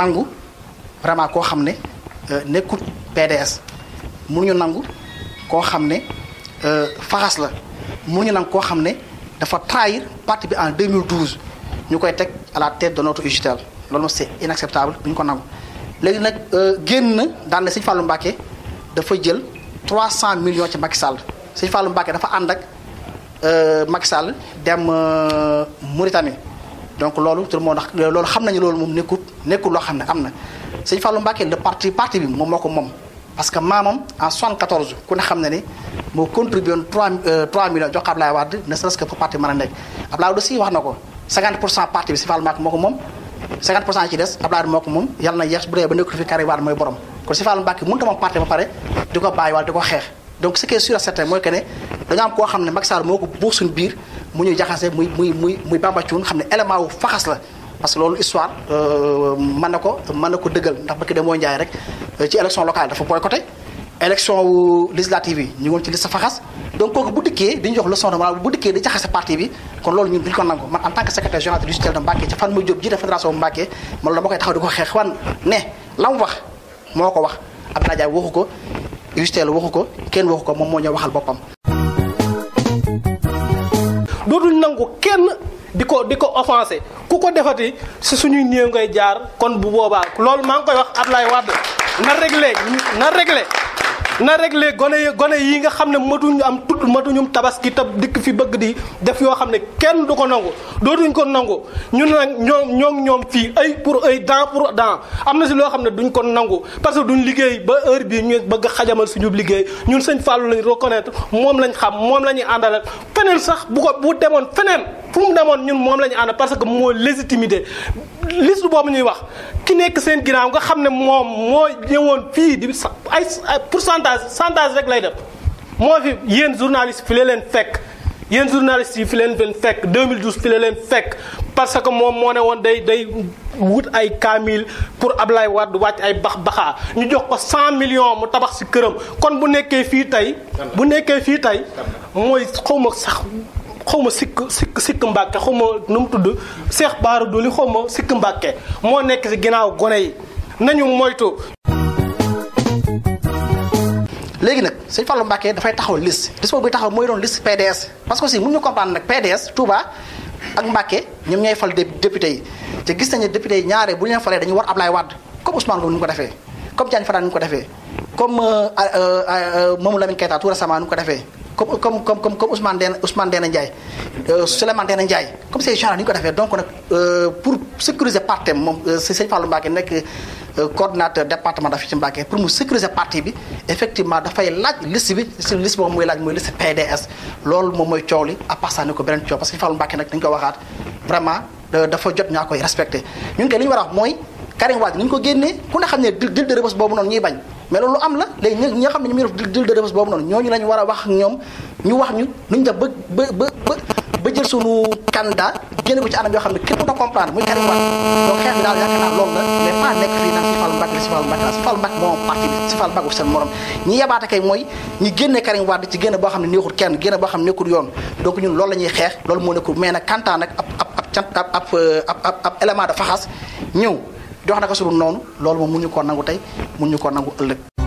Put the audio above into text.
nangu vraiment koo xam ne euh, nekkut PDS mënuñu nangu koo xam ne euh, faxas la ñu nangu koo xam ne dafa trahir parti bi en 2012 ñu koy teg à la tête de notre UJTL loolu moom c'est inacceptable bu ñu ko nangu léegi nag euh, génn na daan na Sëñ Fallou dafa jël 300 millions ci Macky Sall Sëñ Fallou Mbacké dafa ànd ak Macky Sall dem Mauritanie donc loolu te moo tax loolu xam nañu loolu moom nekkut nekkul loo xam ne am na sëñ Fallou Mbacké le parti parti bi moom moo moom parce que maamam en 74 ku ne moo contribué woon 3 euh, parti wax na ko 50 pour cent parti bi sëñ Fallou moom 50 na yeex bu ba nekkul fi Karim Wade mooy borom kon sëñ Fallou Mbacké mënut a moom parti ba pare di ko bàyyi wala di ko xeex donc ce qui est sûr et mooy que ne koo xam ne Macky Sall moo ko buux biir mu ñu jaxase muy muy muy muy Bamba Thioune xam ne élément wu faxas la parce que loolu histoire euh, mën na ko mën na ko dëggal ndax ba ki de moo njaay rek euh, ci élection locale dafa boycotté élection wu législative yi ñu ngoon ci liste faxas donc kooku bu dikkee dañu jox leçon de morale bu dikkee di jaxase parti bi kon loolu ñu duñu ko nangu man en tant que secrétaire général du tutelle de Mbacké ci fan muy jóg jiite fédération bu Mbacké man la ma koy taxaw di ko xeex wax moo ko wax Abdoulaye Diaye waxu ko justeel waxu ko kenn waxu ko moom moo ñoo waxal boppam dootuñ nangu kenn di ko di ko offensé ku ko defati si suñuy néew ngay jaar kon bu boobaa loolu maa ngi koy wax Ablaye Wade na réglé na réglé. na réglé gone gone yi nga xam ne matuñu am tudd matuñum tabaski tab dikk fi bëgg di def yoo xam ne kenn du ko nangu dootuñ ko nangu ñun nag ñoom ñoom fii ay pour ay dent pour dent am na si loo xam ne duñ ko nangu parce que duñ liggéey ba heure bi ñu bëgg xajamal suñu liggéey ñun sëñ Fallou lañ reconnaître moom lañ xam moom la ñuy àndal feneen sax bu ko bu demoon feneen fu mu demoon ñun moom la ñu parce que moo légitimité liste boobu ñuy wax ki nekk seen ginnaaw nga xam ne moom moo ñëwoon fii di ay pourcentage pourcentage rek lay def moo fi yéen journaliste fi la leen fekk yéen journaliste yi fi leen leen fekk 2012 fi la leen fekk parce que moom moo ne woon day day wut ay kaamil pour Ablaye Wade wàcc ay bax baxaa ñu jox ko 100 millions mu tabax si këram kon bu nekkee fii tey bu nekkee fii tey mooy xaw sax xaw ma sikk sikk sikk mbàkke xaw ma nu mu tudd seex baara doli xaw ma sikk mbàkke moo nekk si ginnaaw gone yi nañu moytu léegi nag sëñ Fallou Mbacke dafay taxaw liste liste bi taxaw mooy doon liste PDS parce que si mun ñu comprendre nag PDS Touba ak Mbacke ñoom ñooy fal député yi te gis nañu député yi ñaare bu ñu leen falee dañu war Ablaye Wade comme Ousmane Ngom ni mu ko defee comme Diagne Fada ni mu ko defee comme euh, euh, euh, Mamadou Lamine Keita tout récemment ni mu ko defee comme comme comme comme Ousmane Dena Ousmane Dena Ndiaye euh, Souleymane comme ces gens-là ni ñu ko defee donc nag euh, pour sécuriser parti moom euh, Sëñ Fallou Mbacké nekk coordinateur département pour mu sécuriser parti bi effectivement dafay laaj liste bi si liste boobu muy mooy liste PDS loolu moom mooy coow li à part ko beneen coow parce que Sëñ Fallou Mbacké nag dañu ko waxaat vraiment dafa jot ñaa koy respecté ñun kay li ñu war a wax mooy Karim Wade ni ko génnee ku ne xam ne dil de Rebeuss boobu noonu ñuy bañ mais loolu am la léegi ñi nga xam ne ñu ngi def jël de réponse boobu noonu a wax ñoom ñu wax ñu nuñ def ba ba ba ba jël sunu candidat génne ko ci anam yoo xam ne képp ko comprendre muy Karim Wade donc xeex bi daal yaakaar loolu moom parti bi si Fall Mbacké wu seen morom kay mooy ñu génne Karim Wade ci génne boo xam ne neexul kenn génne boo xam ne nekkul yoon donc ñun loolu la ñuy xeex loolu moo nekkul mais nag kantaan nag ab ab ab ab ab de faxas ñëw jox naka sunu noonu loolu moom mun ñu koo nangu tey mun ñu koo nangu ëllëg